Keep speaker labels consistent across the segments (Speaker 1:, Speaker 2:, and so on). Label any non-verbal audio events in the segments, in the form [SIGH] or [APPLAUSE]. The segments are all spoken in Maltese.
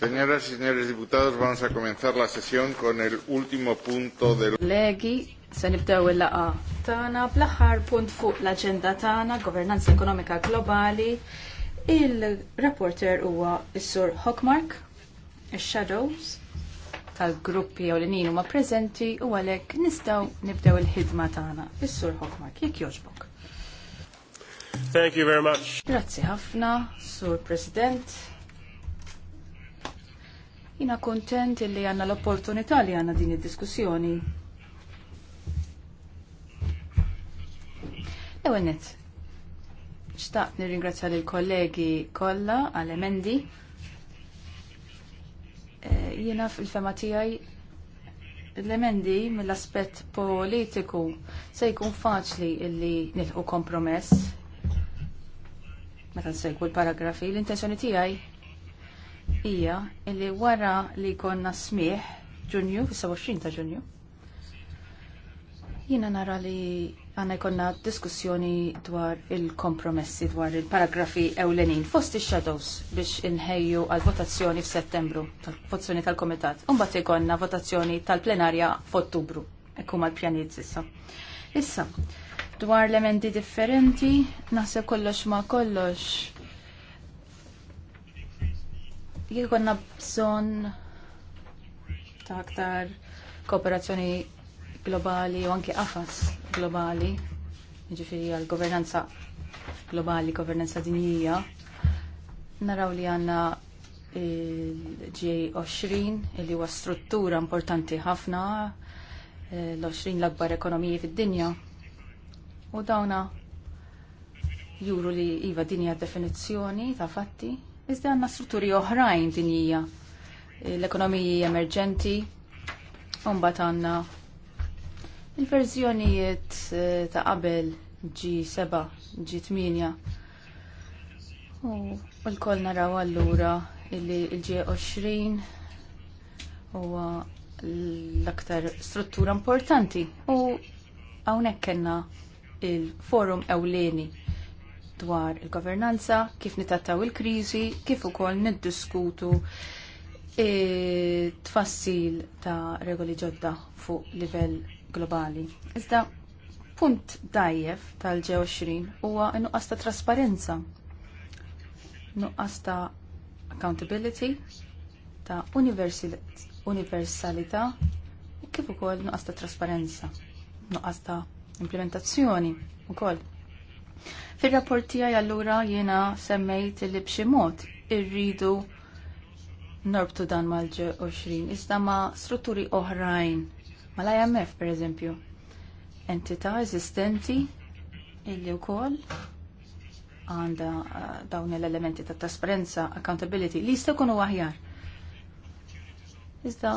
Speaker 1: Señoras y señores diputados, vamos a comenzar la sesión con el último punto del...
Speaker 2: Legi, se nibdew il-laqa tana bl-aħħar punt fuq l-agenda tana, governanza ekonomika globali. Il-rapporter huwa s-sur Hockmark, il-Shadows, tal-gruppi u l-inin huma preżenti u għalhekk nistgħu nibdew il-ħidma tagħna. Is-sur Hockmark, jekk jogħġbok. Thank you very much. Grazzi ħafna, Sur President Jina kontent li għanna l-opportunità li għanna din id-diskussjoni. Ewenet, xtaqt nirringrazzja l kollegi kolla għal-emendi. Eh, jina fil-fema tijaj l-emendi mill-aspet politiku se jkun faċli illi nilħu kompromess meta nsegwu l-paragrafi l-intenzjoni tiegħi hija li wara li konna smieħ ġunju, 27 ta' ġunju, jina nara li għana jkonna diskussjoni dwar il-kompromessi dwar il-paragrafi ewlenin fost il-shadows biex inħejju għal votazzjoni f'Settembru, votazzjoni tal-Komitat. Umbat jkonna votazzjoni tal-plenarja f'Ottubru, ekkum għal-pjaniet issa. Issa, dwar l-emendi differenti, naħseb kollox ma kollox jekk konna bżon ta' aktar kooperazzjoni globali u anke qafas globali, ġifiri għal-governanza globali, governanza dinjija, naraw li għanna il-G20 li huwa struttura importanti ħafna l-20 l-akbar ekonomiji fid-dinja u dawna juru li iva dinja definizzjoni ta' fatti Iżda għandna strutturi oħrajn din hija, L-ekonomiji emerġenti, mbagħad għandna il-verżjonijiet eh, ta' qabel G7, G8. U l-koll naraw allura illi il-G20 huwa l-aktar struttura importanti u hawnhekk kellna il-forum ewleni dwar il-governanza, kif nitattaw il-krizi, kif ukoll niddiskutu tfassil ta' regoli ġodda fuq livell globali. Iżda punt dajjef tal-G20 huwa nuqqas ta' trasparenza, nuqqas ta' accountability, ta' universalità u kif ukoll nuqqas ta' trasparenza, nuqqas ta' implementazzjoni ukoll fil rapportija jallura allura jena semmejt li bximot irridu norbtu dan mal-20, iżda ma' strutturi oħrajn, mal-IMF per eżempju, entità eżistenti illi wkoll għanda eh, dawn l-elementi ta' trasparenza, accountability, li jista' jkunu aħjar. Iżda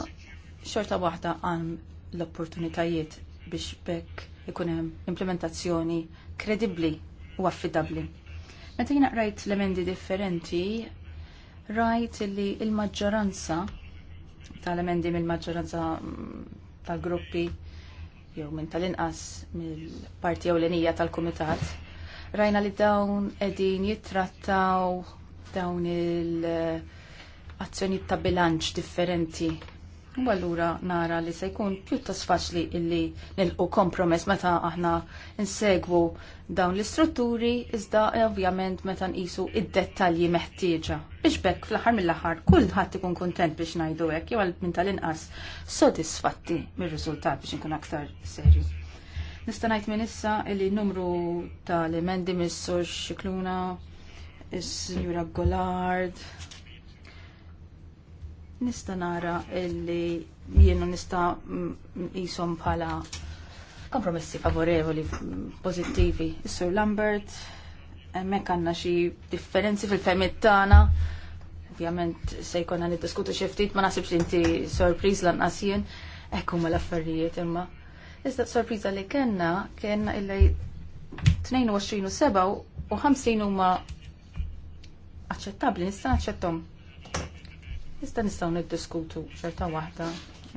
Speaker 2: xorta waħda għan l-opportunitajiet biex bekk ikun hemm implementazzjoni kredibbli u affidabli. Meta jina rajt l-emendi differenti, rajt li il-maġġoranza tal-emendi mill-maġġoranza mm, tal-gruppi jew minn tal-inqas mill-parti ewlenija tal-kumitat, rajna li dawn edin jittrattaw dawn il-azzjoni eh, ta' bilanċ differenti U allura nara li se jkun pjuttost faċli illi nilqu kompromess meta aħna insegwu dawn l-istrutturi iżda ovvjament meta nqisu id-dettalji meħtieġa. Biex bekk fl-aħħar mill-aħħar kulħadd ikun kuntent biex ngħidu hekk jew minn tal-inqas sodisfatti mir-riżultat biex inkun aktar serju. Nista' ngħid minn issa li numru tal-emendi mis-sur Xikluna, is-Sinjura Gollard, nista nara illi jienu nista jisom bħala kompromessi favorevoli, pozittivi. Is-Sur Lambert, hemmhekk għandna xi differenzi fil-femmit tagħna. Ovvjament se jkollna niddiskutu xi ftit ma nasibx li inti sorpriz lanqas jien hekk huma l-affarijiet imma. Iżda t-sorpriza li kellna kena illi 22 u 7 u 50 huma aċċettabbli, nista' naċċettom Iżda nistgħu niddiskutu xorta waħda.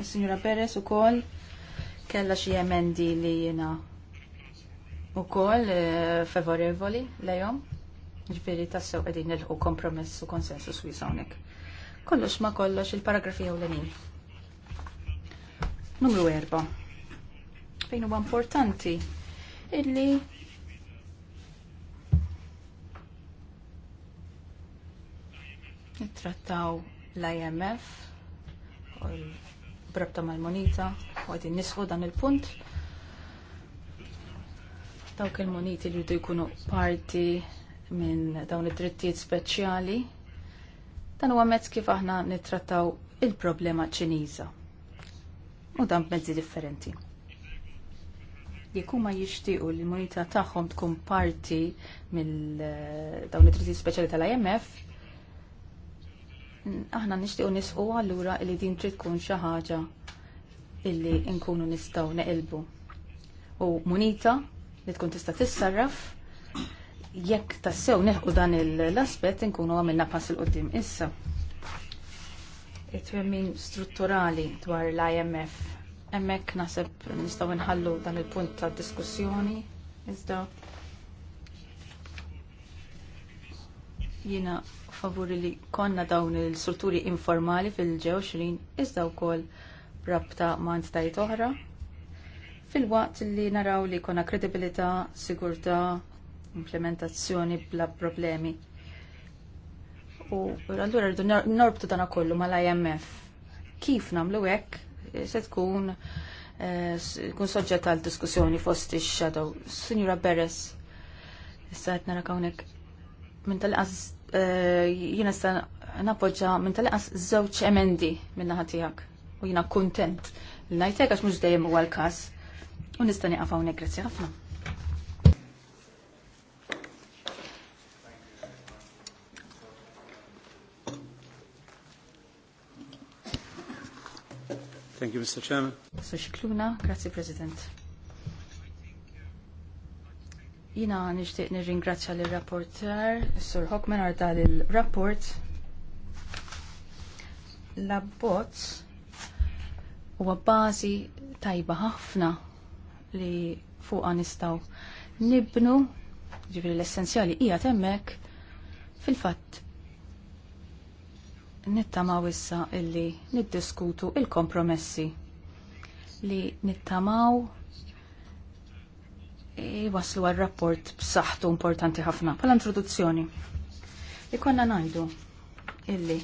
Speaker 2: Is-Sinjura Perez ukoll kella xi emendi li jiena ukoll eh, favorevoli lejhom. Ġifieri tassew qegħdin nilħu kompromess u konsensus wi hawnhekk. Kollox ma kollox il-paragrafi ewlenin. Numru erba. Fejn huwa importanti illi nittrattaw l-IMF u l-brabta mal-monita u għadin nisħu dan il-punt dawk il-moniti li jridu jkunu parti minn dawn id-drittijiet speċjali dan huwa mezz kif aħna nittrattaw il-problema ċiniża u dan b'mezzi differenti jekk huma jixtiequ li l-immunità tagħhom tkun parti mill eh, dawn id-drittijiet speċjali tal-IMF, aħna nixtiequ nisqu allura li din trid tkun xi ħaġa illi nkunu nistgħu neqilbu. U munita li tkun tista' tissarraf jekk tassew neħu dan l-aspett nkunu għamilna pass il qudiem issa. It-twemmin strutturali dwar l-IMF. Hemmhekk naħseb nistgħu nħallu dan il-punt tad diskussjoni iżda Jiena favuri li konna dawn il-strutturi informali fil-20 iżda wkoll rabta ma' entitajiet oħra. Fil-waqt li naraw li konna kredibilità, sigurtà, implementazzjoni bla problemi. U allura rridu norbtu dana kollu mal-IMF. Kif nagħmlu hekk se tkun eh, kun soġġett għal diskussjoni fost ix xadow Sinjura Beres, issa qed nara hawnhekk minn tal-qas eh, jiena sta napoġġa minn tal-qas żewġ emendi minn naħa tiegħek u jiena kuntent li ngħidlek għax mhux dejjem huwa l-każ u nista' nieqaf hawnhekk grazzi ħafna.
Speaker 3: Thank you, Mr. Chairman.
Speaker 2: So, Shikluna, grazie, President. Jina nishtiq nirringrazzja l rapporter Sur Hockman għarda l-rapport. L-abbozz huwa bażi tajba ħafna li fuqa nistaw nibnu, ġifiri l-essenzjali hija temmek fil-fatt nittamaw issa illi niddiskutu il-kompromessi li nittamaw waslu għal rapport b'saħħtu importanti ħafna. Pala introduzzjoni, ikonna najdu illi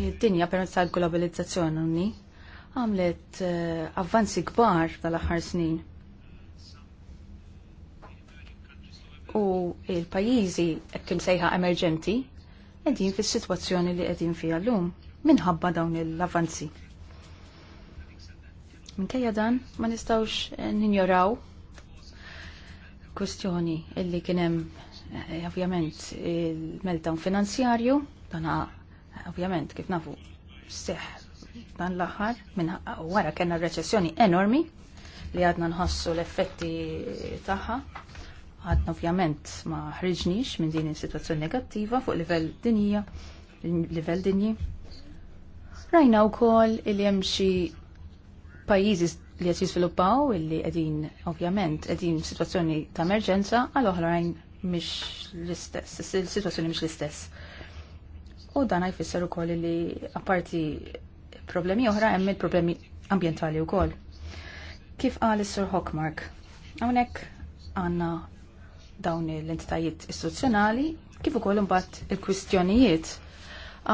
Speaker 2: id-dinja permezz tal-globalizzazzjoni għamlet eh, avvanzi kbar tal-aħħar snin. U il-pajjiżi qed sejħa emerġenti qegħdin fis-sitwazzjoni li qegħdin fiha llum minħabba dawn l-avvanzi. Minkejja dan ma nistgħux ninjoraw kustjoni illi kienem eh, ovvjament il-meltdown finanzjarju, dan ovvjament kif nafu seħ dan l-aħħar minn wara kena reċessjoni enormi li għadna nħassu l-effetti tagħha. Għadna ovvjament ma ħriġnix minn din is-sitwazzjoni negattiva fuq livell dinija, livell dinji. Rajna wkoll li hemm xi pajjiżi li qed jiżviluppaw illi qegħdin ovvjament qegħdin situazzjoni ta' emerġenza għal oħrajn mhix l-istess, situazzjoni sitwazzjoni mhix l-istess. U dan jfisser ukoll li apparti problemi oħra hemm il-problemi ambjentali wkoll. Kif qal s sur Hockmark, hawnhekk għandna dawn l-entitajiet istituzzjonali kif ukoll imbagħad il-kwistjonijiet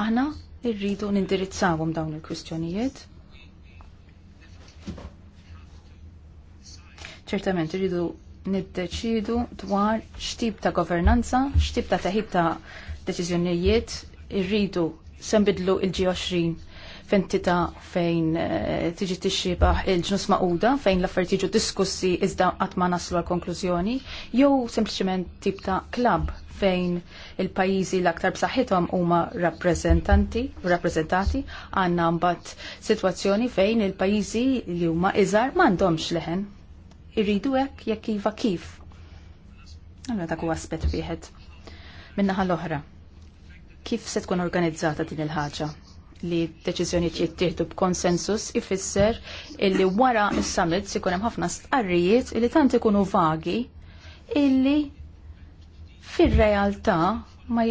Speaker 2: aħna irridu nindirizzawhom dawn il-kwistjonijiet ċertament irridu niddeċidu dwar x'tip ta' governanza, x'tip ta' teħib ta' deċiżjonijiet irridu sembidlu il-G20 fentita fejn eh, tiġi tixxibaħ il-ġnus maquda fejn l-affarijiet jiġu diskussi iżda qatt ma naslu għal konklużjoni jew sempliċement tip ta' klab fejn il-pajizi l-aktar b'saħħithom huma rappreżentanti, rappreżentati, għandna mbagħad sitwazzjoni fejn il-pajjiżi li huma iżgħar m'għandhomx leħen irridu hekk jekk iva kif. Allora dak huwa aspett wieħed. Minna l-oħra. Kif se tkun organizzata din il-ħaġa? li deċiżjonijiet jittieħdu b'konsensus ifisser illi wara s summit ikun hemm ħafna stqarrijiet illi tant ikunu vagi illi fir-realtà ma,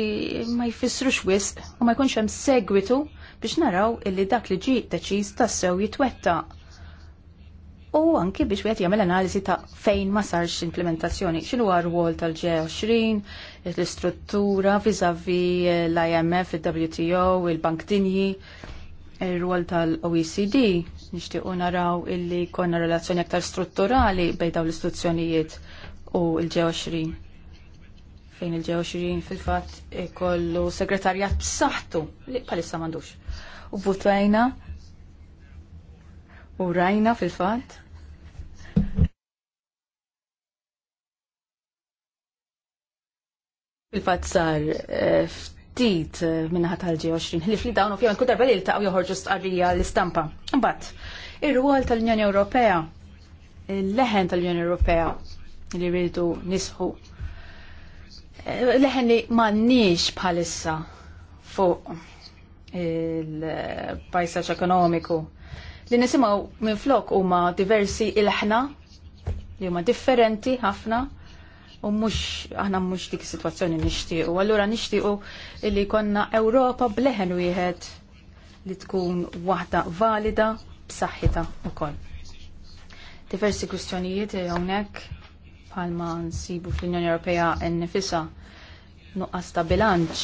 Speaker 2: ma jfissrux wisq u ma jkunx hemm segwitu biex naraw illi dak li ġi deċiż tassew jitwettaq u anki biex wieħed jagħmel analiżi ta' fejn ma sarx implementazzjoni, għar wol tal-G20, l-istruttura vizavi l-IMF, il-WTO, il-Bank Dinji, il rwol tal-OECD, nixtiequ naraw illi konna relazzjoni aktar strutturali bejn dawn l istruzzjonijiet u l-G20 fejn il-20 fil-fat kollu segretarjat b'saħħtu li palissa mandux. U votajna u rajna fil-fat Il-fat sar eh, ftit eh, minnaħat tal-G20 li fli dawn ovvjament kull darba l taqaw joħorġu stqarrija l-istampa. Imbagħad ir-rwol tal-Unjoni Ewropea, il-leħen tal-Unjoni Ewropea li rridu nisħu eh, leħen li m'għandniex bħalissa fuq il pajsaċ ekonomiku li nisimaw minn flok huma diversi ilħna li huma differenti ħafna u mux, aħna mux dik situazzjoni nishtiqu. Allura nishtiqu li konna Ewropa bleħen wieħed li tkun waħda valida b'saħħita wkoll. Diversi kwistjonijiet hawnhekk bħalma nsibu fl-Unjoni Ewropea nnifisha nuqqas ta' bilanċ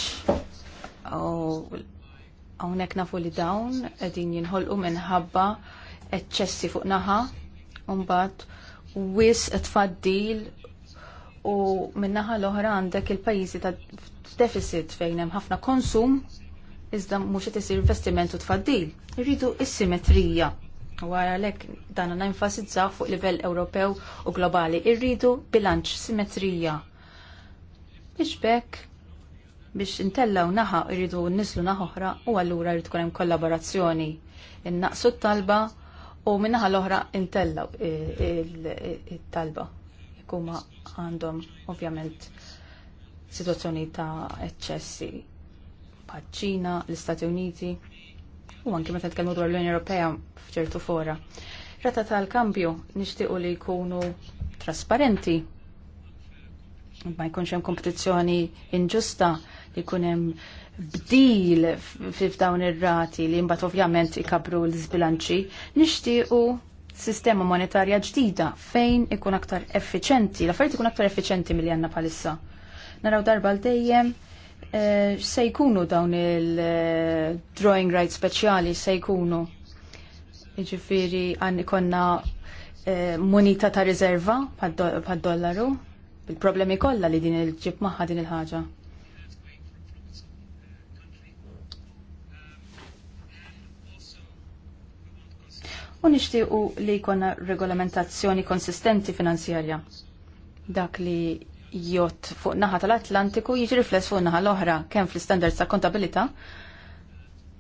Speaker 2: hawnhekk nafu li dawn qegħdin jinħolqu minħabba eċċessi fuq naħa u mbagħad wis tfaddil u minnaħa l-oħra għandek il-pajjiżi ta' deficit fejn hemm ħafna konsum iżda mhux qed isir investiment u tfaddil. Irridu is-simetrija u għalhekk dan nenfasizza fuq livell Ewropew u globali. Irridu bilanċ simetrija. Biex bekk biex intellaw naħa irridu nislu naħoħra u għallura irrid hemm kollaborazzjoni. Innaqsu t-talba u minnaħa l-oħra intellaw it-talba kuma għandhom ovvjament situazzjoni ta' eċċessi paċċina, ċina l-Istati Uniti u anke meta tkellmu dwar l-Unjoni Ewropea f'ċertu fora. Rata tal-kambju nixtiequ li jkunu trasparenti ma jkunx hemm kompetizzjoni inġusta li jkun hemm bdil f'dawn ir-rati li mbagħad ovvjament ikabru l-sbilanċi nixtiequ sistema monetarja ġdida fejn ikun aktar effiċenti, l-affarijiet ikun aktar effiċenti mill għandna bħalissa. Naraw darba l dejjem eh, se jkunu dawn il-drawing eh, rights speċjali se jkunu. Iġifiri, għan ikonna monita eh, munita ta' riserva pad-dollaru, il-problemi kollha li din il-ġib maħħa din il-ħaġa. il ġib maħħa din il ħagġa din il ħaġa u nixtiequ li jkollna regolamentazzjoni konsistenti finanzjarja. Dak li jott fuq naħa tal-Atlantiku jiġi rifless fuq naħa l-oħra kemm fl-standards ta' kontabilità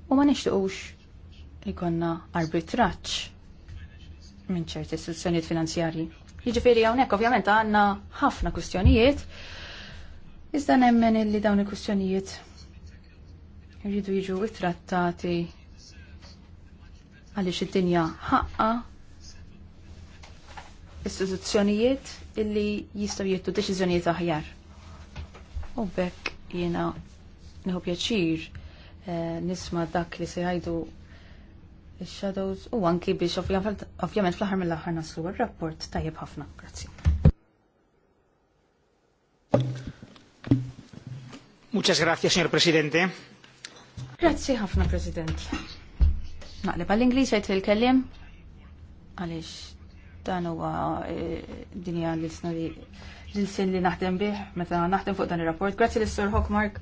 Speaker 2: u ma nixtiequx li konna arbitraġġ minn ċerti istituzzjonijiet finanzjarji. Jiġifieri hawnhekk ovvjament għandna ħafna kwistjonijiet iżda nemmen li dawn il kustjonijiet jridu jiġu it-trattati għalix id-dinja ħaqqa istituzzjonijiet illi jistgħu jittu deċiżjonijiet aħjar. U bekk jiena neħu pjaċir eh, nisma' dak li se jgħidu il-shadows u anki biex ovvjament fl-ħar mill-ħar naslu għal rapport tajjeb ħafna. Grazzi.
Speaker 3: Muchas gracias, signor Presidente.
Speaker 2: Grazie ħafna, President. Naqleb għall ingliż għajt il-kellim għalix dan huwa eh, dinja l-snadi l-sin li naħdem bih meta naħdem fuq dan ir-rapport. Grazzi l sur Hockmark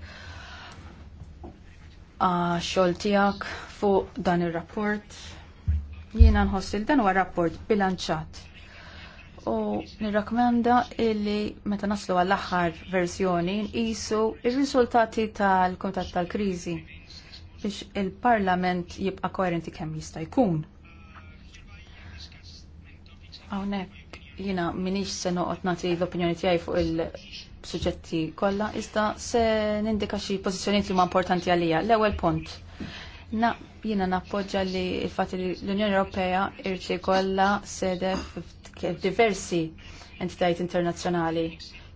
Speaker 2: xogħol tiegħek fuq dan ir-rapport. Jiena nħossil dan huwa rapport bilanċat u nirrakmenda illi meta naslu għall aħħar verżjoni jisu il-rizultati riżultati tal kontat tal-kriżi biex il-Parlament jibqa' koerenti kemm jista' jkun. Hawnhekk jiena m'iniex se noqgħod nagħti l-opinjoni tiegħi fuq il-suġġetti kollha, iżda se nindika xi pożizzjonijiet li huma importanti għalija. L-ewwel punt. Na, jiena nappoġġa li l-fatt li l-Unjoni Ewropea irċi kollha sede f'diversi entitajiet internazzjonali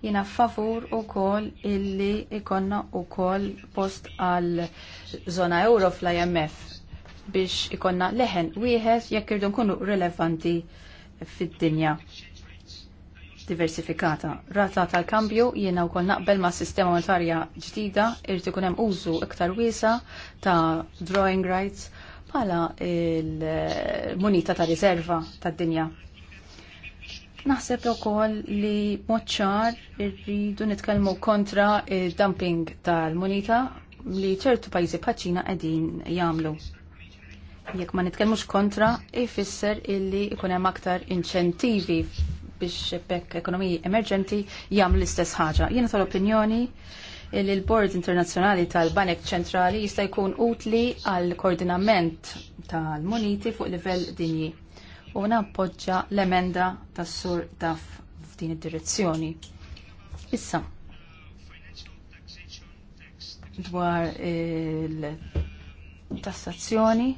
Speaker 2: jina favur u kol illi ikonna u kol post għal zona euro fl-IMF biex ikonna leħen wieħed jekk irdu nkunu relevanti fid-dinja diversifikata. Rata tal-kambju jiena wkoll naqbel ma' sistema monetarja ġdida irid ikun hemm użu iktar wiesa ta' drawing rights bħala il-munita ta' riserva tad-dinja Naħseb ukoll li moċċar irridu nitkellmu kontra dumping tal-munita li ċertu pajjiżi paċina qegħdin jagħmlu. Jekk ma nitkellmux kontra, ifisser illi ikun hemm aktar inċentivi biex bekk ekonomiji emerġenti jagħmlu l-istess ħaġa. Jiena tal-opinjoni li l-Bord Internazzjonali tal-Banek Ċentrali jista' jkun utli għall koordinament tal-muniti fuq livell dinji u nappoġġa l-emenda tas sur taf f'din id-direzzjoni. Issa, dwar il-tassazzjoni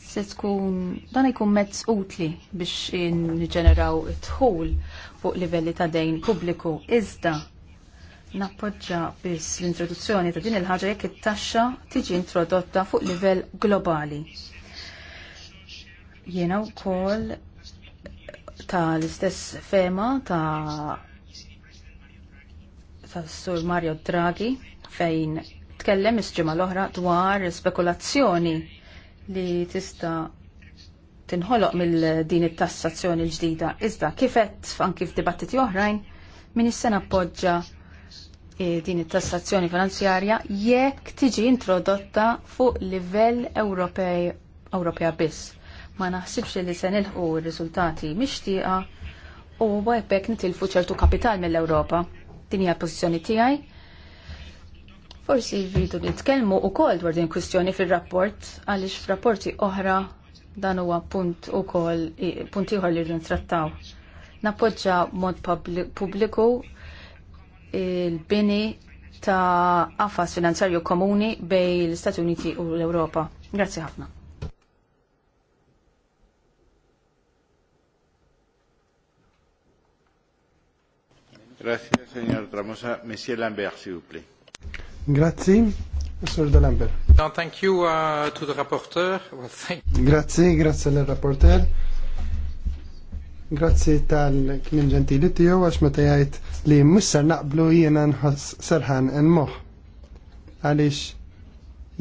Speaker 2: se tkun dan ikun mezz utli biex nġeneraw it-tħul fuq livelli ta' dejn pubbliku iżda nappoġġa biss l-introduzzjoni ta' din il-ħaġa jekk it-taxxa tiġi introdotta fuq livell globali Jiena wkoll ta' l-istess fema ta' ta' Sur Mario Draghi fejn tkellem is-ġimgħa l-oħra dwar spekulazzjoni li tista' tinħoloq mill din it-tassazzjoni l-ġdida. Iżda kifet kif f'dibattiti oħrajn min is-sena appoġġa eh, din it-tassazzjoni finanzjarja jekk tiġi introdotta fuq livell Ewropej Ewropea biss ma naħsibx li se nilħu r-riżultati mixtieqa u hekk nitilfu ċertu kapital mill-Ewropa. Din hija l-pożizzjoni tiegħi. Forsi jridu nitkellmu wkoll dwar din kwistjoni fir-rapport għaliex f'rapporti oħra dan huwa punt ukoll punt ieħor li nittrattaw. Nappoġġa mod pubbliku il-bini ta' qafas finanzarju komuni bej l istati Uniti u l-Ewropa. Grazzi ħafna.
Speaker 1: Grazie, signor Tramosa. Monsieur Lambert, s'il vous plaît. Grazie, Monsieur de Lambert. No, thank you uh, to the rapporteur. Well, thank Grazie, grazie al rapporteur. Grazzi tal-klim ġentili tiegħu għax meta jgħid li musser naqblu jiena nħoss serħan in-moħħ. Għaliex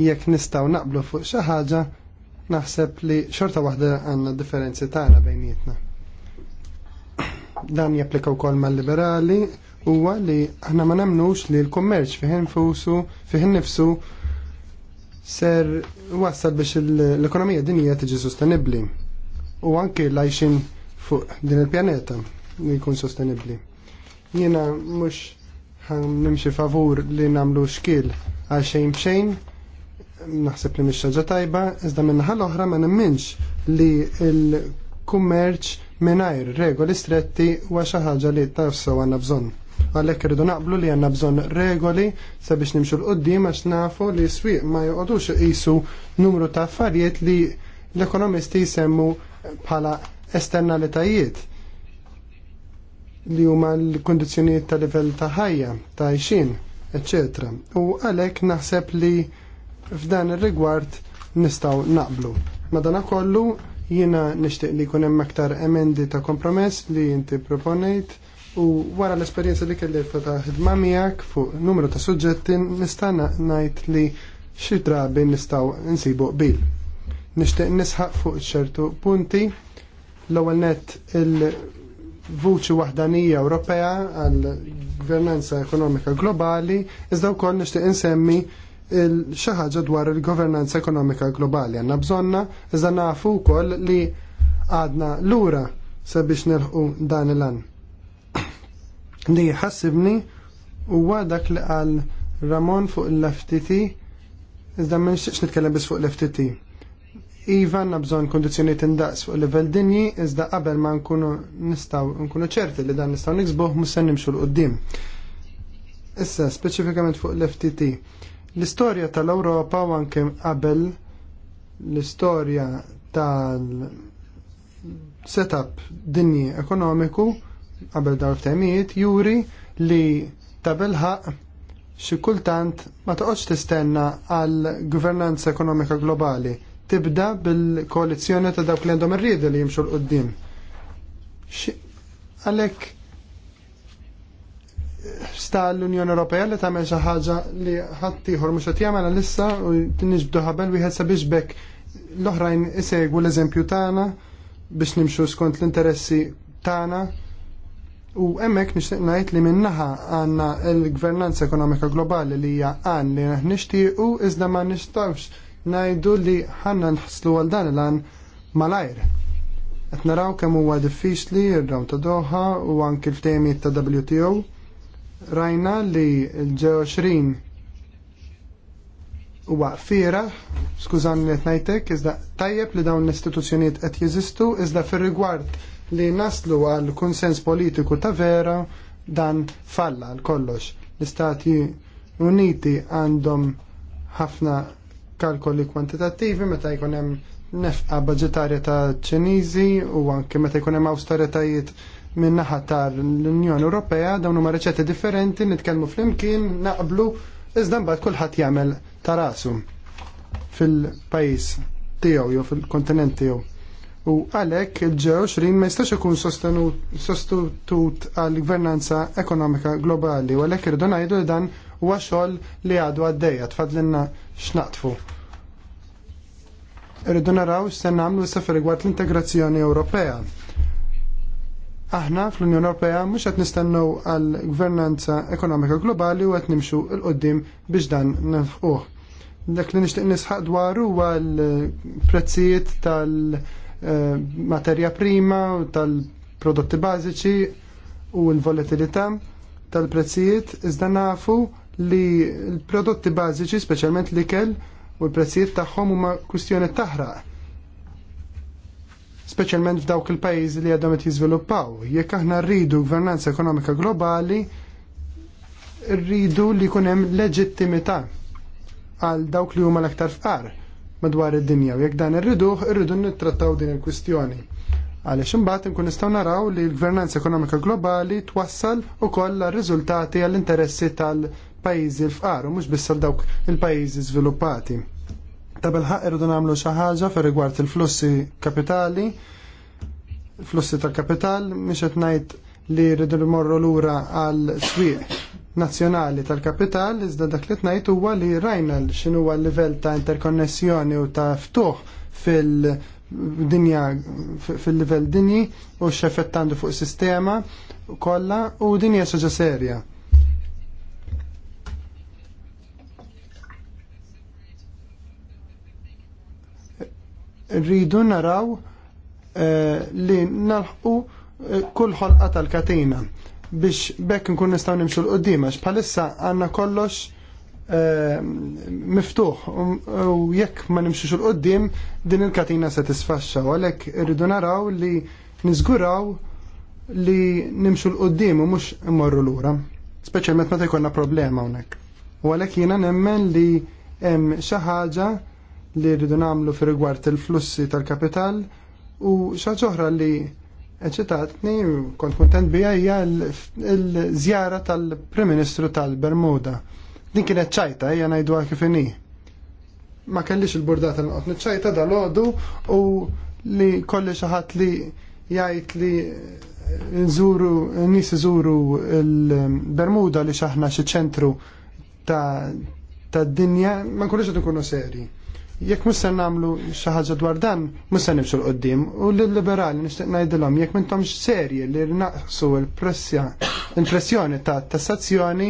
Speaker 1: jekk nistgħu naqblu fuq xi ħaġa naħseb li xorta waħda għandna differenzi tagħna bejnietna dan japplika wkoll mal-liberali huwa li aħna ma nemnux li l-kummerċ fih fusu, fih innifsu ser wassal biex l-ekonomija dinija tiġi sostenibbli u anke l-għajxin fuq din il-pjaneta li jkun sostenibbli. Jiena mhux nimxi favur li nagħmlu xkil għal xejn b'xejn naħseb li mhix tajba, iżda minnaħa l-oħra ma nemminx li l-kummerċ minajr regoli stretti wa xi ħaġa li tafsu għandna bżonn. Għalhekk irridu naqblu li għandna bżonn regoli sabiex nimxu l-qoddim għax nafu li swieq ma joqogħdux jisu numru ta' affarijiet li l-ekonomisti jsemmu bħala esternalitajiet li huma l kondizjoniet ta' livell ta' ħajja, ta' xin, ecc. U għalhekk naħseb li f'dan ir-rigward nistgħu naqblu. Madana kollu Jiena nixtieq li jkun hemm aktar emendi ta' kompromess li jinti proponejt u wara l-esperjenza li kelli ta' ħidma miegħek fuq numru ta' suġġetti nista' ngħid li xi drabi nistgħu nsibu qbil. Nixtieq nisħaq fuq ċertu punti l-ewwel nett il vuċi waħdanija Ewropea għal gvernanza ekonomika globali, iżda wkoll nixtieq insemmi xi ħaġa dwar il-governanza ekonomika globali. Għandna bżonna iżda nafu wkoll li għadna lura sabiex nilħu dan il-an. [CLEARS THROAT] Li ħassibni huwa dak li għal Ramon fuq l-FTT iżda minn xieċ nitkellem biss fuq l-FTT. Iva għandna bżonn kondizzjonijiet indaqs fuq level dinji iżda qabel ma nkunu nistgħu nkunu ċerti li dan nistgħu niksbuh mhux se nimxu l qudiem Issa speċifikament fuq l-FTT L-istorja tal-Ewropa u anke qabel l-istorja tal-setup dinji ekonomiku qabel dawn temijiet juri li tabelħaq xi kultant ma toqgħodx tistenna għal governanza ekonomika globali. Tibda bil-koalizzjoni ta' dawk li għandhom irriedi li jimxu l-qoddim. Għalhekk sta l-Unjoni Ewropea li tagħmel xi ħaġa li ħadd ieħor mhux qed jagħmel issa u tinġbdu ħabel wieħed sabiex bekk l-oħrajn isegwu l-eżempju tagħna biex nimxu skont l-interessi tagħna. U hemmhekk nixtieq ngħid li minnaħa għandna l-gvernanza ekonomika globali li hija għan li nixtiequ iżda ma nistgħux ngħidu li ħanna nħasslu għal dan l-għan malajr. Qed naraw kemm huwa diffiċli r raw ta' Doha u anke l-temi ta' WTO Rajna li l-20 huwa fira, skużan li ngħidlek, iżda tajjeb li dawn l-istituzzjonijiet qed jeżistu, iżda fir-rigward li naslu għal kunsens politiku ta' vera dan falla l kollox. L-Istati Uniti għandhom ħafna kalkoli kwantitattivi meta jkun hemm nefqa budġetarja ta' Ċiniżi u anke meta jkun hemm awsteritajiet minn naħa tal-Unjoni Ewropea dawn huma riċetti differenti nitkellmu flimkien naqblu iżda mbagħad kulħadd jagħmel ta' rasu fil-pajjiż tiegħu jew fil-kontinent tiegħu. U għalhekk il g ma jistax ikun sostitut għall gvernanza ekonomika globali u għalhekk irdu ngħidu li dan huwa xogħol li għadu għaddejja tfadlilna x'naqtfu. Irridu naraw x'se nagħmlu issa rigward l-integrazzjoni Ewropea Aħna fl-Unjoni Ewropea mhux qed nistennew għal gvernanza ekonomika globali u qed nimxu l qoddim biex dan nefquh. Dak li nixtieq nisħaq dwaru huwa l-prezzijiet tal-materja prima u tal-prodotti bażiċi u l-volatilità tal-prezzijiet iżda nafu li l-prodotti bażiċi speċjalment l-ikel u l-prezzijiet tagħhom huma kwistjoni taħraq speċjalment f'dawk il-pajjiżi li għadhom qed jiżviluppaw. Jekk aħna rridu gvernanza ekonomika globali, rridu li jkun hemm leġittimità għal dawk li huma l-aktar fqar madwar id-dinja u jekk dan irriduh irridu nittrattaw din il-kwistjoni. Għaliex imbagħad inkun nistgħu naraw li l-gvernanza ekonomika globali twassal ukoll riżultati għall-interessi tal-pajjiżi l-fqar u mhux biss għal dawk il-pajjiżi żviluppati. Ta' bil-ħaq irridu nagħmlu xi ħaġa fir rigward il-flussi kapitali, flussi ta' kapital, mhix qed ngħid li rridu morru lura għal swieq nazzjonali tal-kapital, iżda dak li tnajt huwa li rajna x'inhu huwa l-livell ta' interkonnessjoni u ta' ftuħ fil- dinja fil-livell dinji u x'effett fuq fuq sistema kollha u dinja xaġa serja. rridu naraw eh, li nalħu eh, kull ħolqa tal-katina biex bekk nkun nistgħu nimxu l-qoddim għax bħalissa għandna kollox eh, miftuħ u jekk ma nimxux l-qoddim din il-katina se tisfaxxa u għalhekk rridu naraw li niżguraw li nimxu l-qoddim u mhux immorru lura, speċjalment meta jkollna problema hawnhekk. U għalhekk jiena nemmen li hemm xi ħaġa li rridu nagħmlu fi rigward il-flussi tal-kapital u xaġoħra li eċitatni kont kontent bija hija l-żjara tal-Prim Ministru tal-Bermuda. Din kienet ċajta hija ngħidu kif inhi. Ma kellix il-burdata nqod niċċajta dal u li kolli xi ħadd li jgħid li nżuru nies iżuru l-Bermuda li xaħna xi ċentru ta' ta' dinja ma nkunux qed ikunu seri. Jekk mhux se nagħmlu xi ħaġa dwar dan, mhux se nimxu l-qoddim u lill-liberali nixtieq ngħidilhom jekk m'intomx serji li rnaqsu l-pressjoni ta' tassazzjoni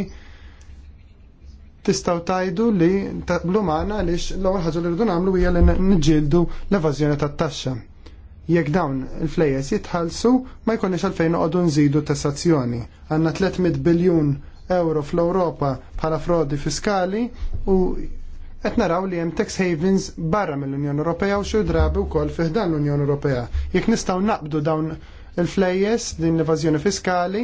Speaker 1: tistaw tajdu li taqblu maħna li l-ewwel ħaġa li rridu nagħmlu hija li nġildu l-evażjoni tat-taxxa. Jekk dawn il-flejjes jitħallsu ma jkunniex għalfejn noqogħdu nżidu tassazzjoni. Għandna 300 biljun euro fl-Ewropa bħala frodi fiskali u qed naraw li hemm tax havens barra mill-Unjoni Ewropea u xi drabi wkoll fih dan l-Unjoni Ewropea. Jekk nistgħu naqbdu dawn il-flejjes din l-evażjoni fiskali,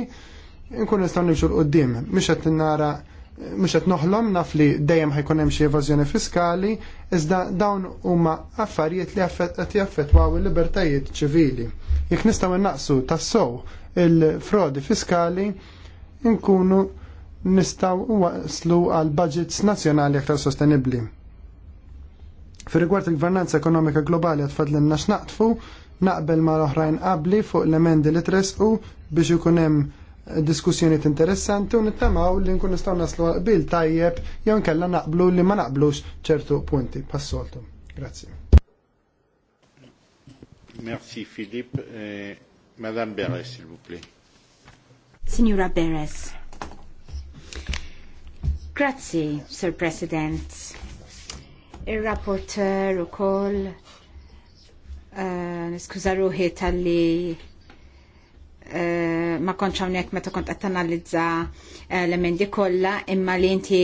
Speaker 1: nkun nistgħu nimxu l-qudiem. Mhux qed nara mhux qed noħlom naf li dejjem ħajkun hemm xi evażjoni fiskali, iżda dawn huma affarijiet li qed jaffettwaw il-libertajiet ċivili. Jekk nistgħu naqsu tassow il-frodi fiskali, nkunu nistgħu waslu għal budgets nazzjonali aktar sostenibbli. Fi rigward il-gvernanza ekonomika globali għatfadlinna naqtfu, naqbel ma l-oħrajn qabli fuq l-emendi li tresqu biex ikun hemm diskussjonijiet interessanti u nittamaw li nkun nistgħu naslu bil tajjeb jew nkella naqblu li ma naqblux ċertu punti passoltu. Grazzi. Merci Philippe. Eh, Madame Beres, s'il vous plaît.
Speaker 3: Signora Beres. Grazzi, Sir President. Il-rapporter u koll, uh, eh, ruħi tal-li uh, ma konċ hawnhekk meta kont qed tanalizza eh, l-emendi kollha imma li inti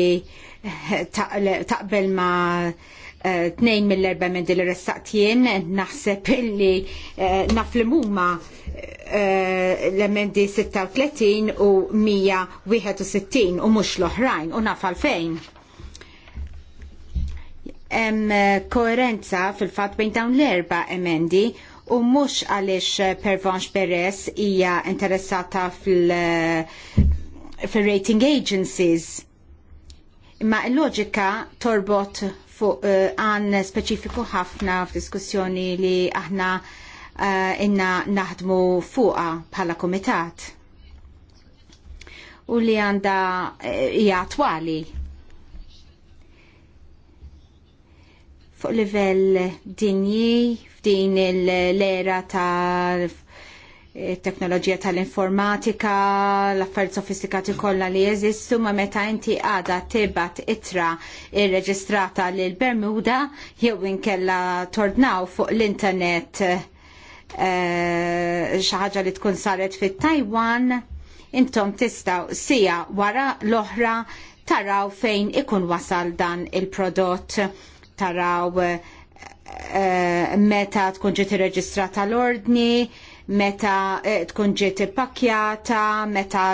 Speaker 3: taqbel ma' tnejn mill-erba mendi li jien naħseb illi naf li Eh, l-emendi 36 u 161 u mhux l-oħrajn u naf għalfejn hemm eh, koerenza fil-fatt bejn dawn l-erba emendi u mhux għaliex eh, pervanx Beres hija interessata fil- fil-rating agencies. Imma l-loġika torbot fuq għan uh, speċifiku ħafna f'diskussjoni li aħna uh, inna naħdmu fuqa bħala komitat u li għanda eh, hija uh, fuq livell dinji f'din l-era tal eh, teknoloġija tal-informatika, l-affarijiet sofistikati kollha li jeżistu, ma meta inti għada tibat itra irreġistrata lil Bermuda jew inkella tornaw fuq l-internet Eh, xaħġa ħaġa li tkun saret fit-Taiwan, intom tistaw sija wara l-oħra taraw fejn ikun wasal dan il-prodott, taraw eh, meta tkun ġiet irreġistrata l-ordni, meta eh, tkun ġiet pakkjata, meta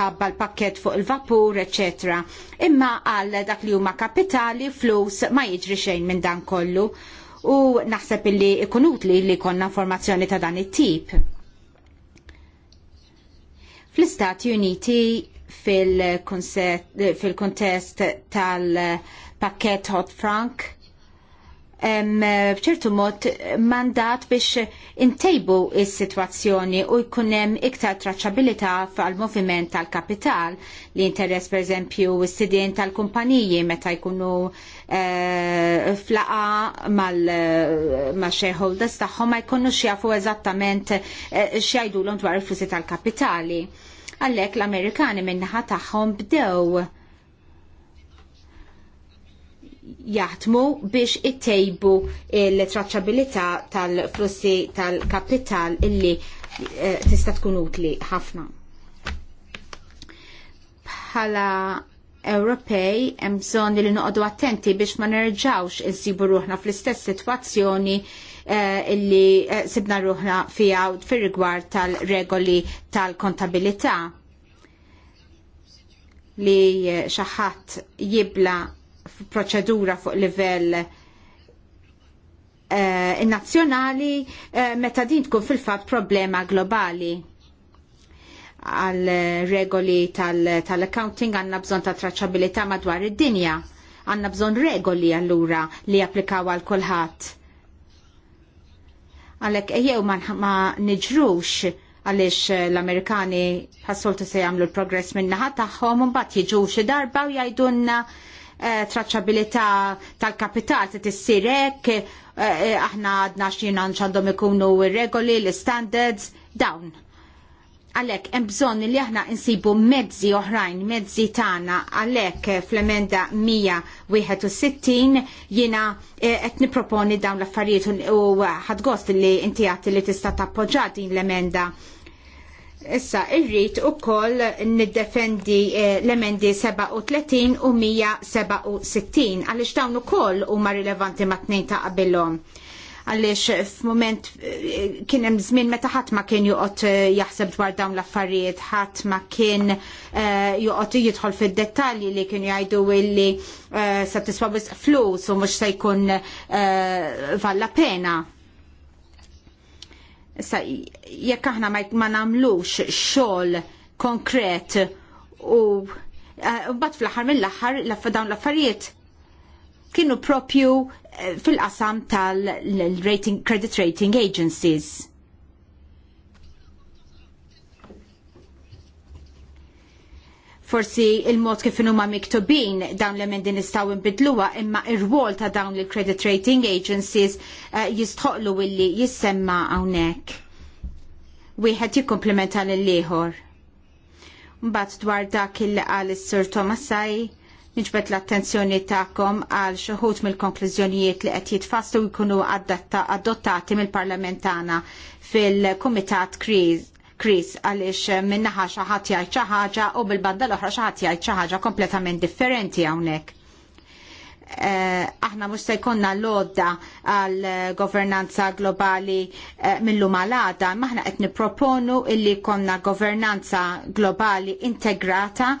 Speaker 3: tabba l-pakket fuq il-vapur, etc. Imma għal dak li huma kapitali, flus, ma jiġri xejn minn dan kollu u naħseb illi ikun utli li konna informazzjoni ta' dan it-tip. Fl-Istati Uniti fil-kontest fil kontest tal pakket Hot Frank bċertu mod mandat biex intejbu s sitwazzjoni u jkun hemm iktar traċċabilità għal moviment tal-kapital li interess pereżempju s-sidien tal-kumpaniji meta jkunu eh, flaqa mal-shareholders tagħhom ma jkunux jafu eżattament e, x'jgħidulhom dwar il-flussi tal-kapitali. Għalhekk l-Amerikani min-naħa tagħhom bdew jaħdmu biex ittejbu il-traċabilità tal-flussi tal-kapital illi eh, tista' tkun utli ħafna. Bħala Ewropej hemm bżonn li noqogħdu attenti biex ma nerġawx insibu ruħna fl-istess sitwazzjoni eh, illi eh, sibna ruħna fiha fir-rigward tal-regoli tal-kontabilità li xi ħadd jibla proċedura fuq livell eh, nazzjonali eh, meta din tkun fil-fatt problema globali għal regoli tal-accounting tal għanna bżon ta' traċabilità madwar id-dinja. Għanna bżon regoli allura li applikaw għal kulħadd. Għalek ejjew eh, ma, ma niġrux għalix eh, l-Amerikani ħassoltu se jagħmlu l-progress minnaħa tagħhom u mbagħad jiġu xi darba u jgħidulna Eh, traċċabilità tal-kapital se tissir hekk, eh, eh, aħna għadna x'jien għandhom ikunu r-regoli, l-standards, dawn għalek hemm bżonn li aħna insibu mezzi oħrajn, mezzi tagħna għalek fl-emenda 161 jiena qed niproponi dawn l-affarijiet u ħadgost li inti għati li tista' tappoġġa din l-emenda Issa, irrit u koll niddefendi eh, l-emendi 37 u 167, għalix dawn u koll u ma rilevanti ma t-nejn ta' qabillom. Għalix f-moment hemm eh, zmin meta ħadd ma kien joqgħod eh, jaħseb dwar dawn l-affarijiet, ħadd ma kien joqgħod jidħol fid dettalji li kien jgħidu illi se tiswa flus u mhux se jkun valla pena jekk aħna ma nagħmlux xogħol konkret eh, u mbagħad fl-aħħar mill-aħħar dawn l-affarijiet kienu propju eh, fil-qasam tal-rating credit rating agencies. Forsi il-mod kif huma miktubin dawn l-emendi nistgħu nbidluha imma r rwol ta' dawn il-credit rating agencies uh, jistħoqlu illi jissemma hawnhekk. Wieħed jikkomplementa lil ieħor. Mbagħad dwar dak il qal is-Sur Sai niġbet l-attenzjoni tagħkom għal xi wħud mill-konklużjonijiet li qed jitfasslu jkunu adottati mill-parlamentana fil-Kumitat Kriż Chris għaliex minnaħa xi ħadd ċaħġa u bil-banda l-oħra xaħat ħadd ċaħġa ħaġa kompletament differenti hawnhekk. Eh, aħna mhux se jkollna l-odda għal governanza globali eh, millu malada, maħna qed nipproponu illi jkollna governanza globali integrata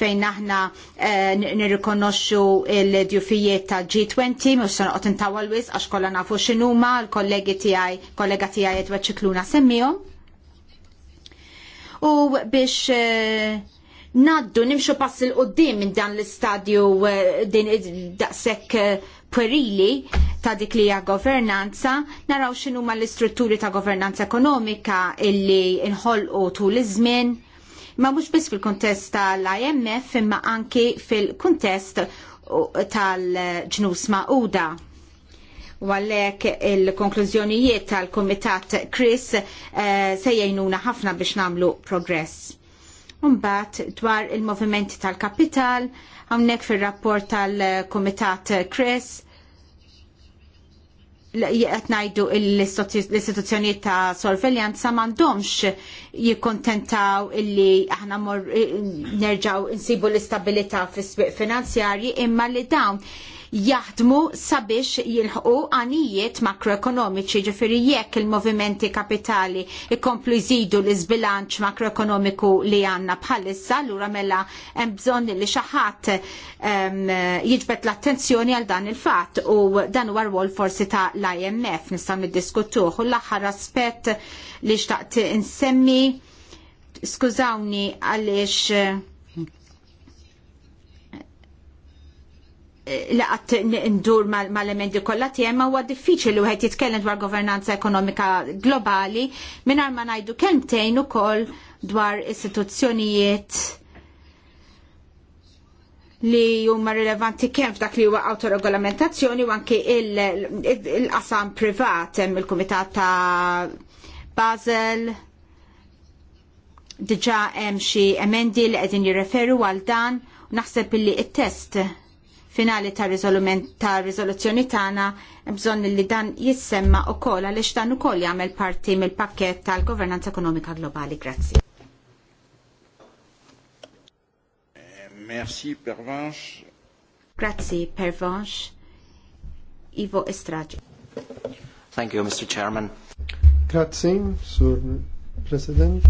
Speaker 3: fejn aħna eh, nirrikonoxxu l-djufijiet tal G20, mux se noqgħod tawalwis għax kollha nafu x'inhuma l-kollegi tiegħi, kollega tiegħi qed weċċikluna semmihom u biex eh, naddu nimxu pass il qoddim minn dan l-istadju eh, din daqsek eh, perili ta' dik li hija governanza, naraw xinu ma l-istrutturi ta' governanza ekonomika illi nħolqu tul iż-żmien, ma mhux biss fil-kuntest tal-IMF imma anki fil-kuntest tal-ġnus ma' u għalhekk il-konklużjonijiet tal kumitat Chris eh, se jgħinuna ħafna biex nagħmlu progress. Mbagħad dwar il-movimenti tal-kapital, hawnhekk fir-rapport tal kumitat Chris, jgħet l-istituzzjoniet ta' sorveljanza mandomx jikontentaw illi aħna mor eh, nerġaw insibu l-istabilita fis-sbiq finanzjarji imma li dawn jaħdmu sabiex jilħqu għanijiet makroekonomiċi ġifiri jekk il-movimenti kapitali ikomplu jżidu l iżbilanċ makroekonomiku li għanna bħalissa l-ura mela bżon li xaħat um, jiġbet l-attenzjoni għal dan il-fat u dan war wol forsi ta' l-IMF id niddiskutuħ u l-aħħar aspett li xtaqt insemmi skużawni għaliex Eh, li għat ndur mal-elementi kollha tiegħek ma huwa diffiċli wieħed jitkellem dwar governanza ekonomika globali mingħajr ma ngħidu kemmtejn ukoll dwar istituzzjonijiet li huma rilevanti kemm f'dak li huwa autoregolamentazzjoni u anke il-qasam privat hemm il-Kumitat ta' Basel diġà hemm xi emendi li qegħdin jirreferu għal dan u naħseb illi t test finali ta' ta' rizoluzzjoni tagħna bżon li dan jissemma u li għaliex u ukoll jagħmel parti mill-pakkett tal-Governanza Ekonomika Globali. Grazie. Merci Pervanche. Grazie Pervanche. Ivo Estragi.
Speaker 1: Thank you, Mr. Chairman. Grazie, Sur President.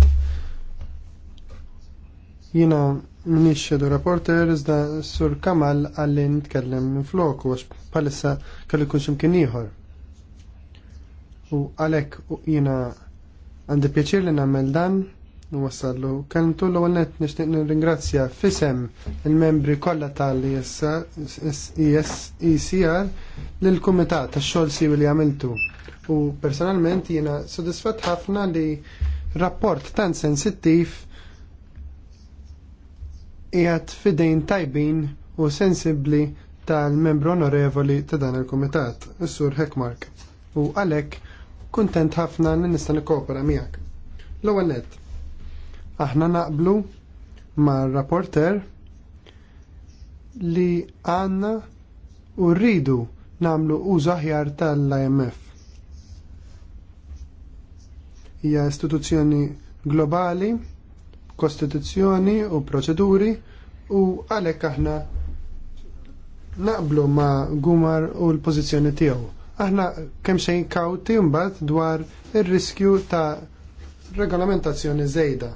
Speaker 1: Jina Minix xedu reporter, iżda sur Kamal għalli nitkellem minn flok, u għax palissa kellu kun ximkien ieħor. U għalek jina għandi pjaċir li namel dan, u wasallu. Kelmtu l-ewwel nishtiq nixtieq nirringrazzja fisem il-membri kollha tal-ECR e lill-kumitat tax-xogħol siwi li għamiltu. U personalment jiena sodisfat ħafna li rapport tan sensittiv qiegħed fidejn tajbin u sensibbli tal-membru onorevoli ta' dan il-Kumitat, is-Sur Hekmark. U għalhekk kuntent ħafna li nista' nikkopera miegħek. L-ewwel nett. Aħna naqblu mar-rapporter li għanna u rridu namlu użu aħjar tal-IMF. Hija istituzzjoni globali kostituzzjoni u proċeduri u għalhekk aħna naqblu ma' Gumar u l-pożizzjoni tiegħu. Aħna kemm xejn kawti mbagħad dwar ir-riskju ta' regolamentazzjoni żejda.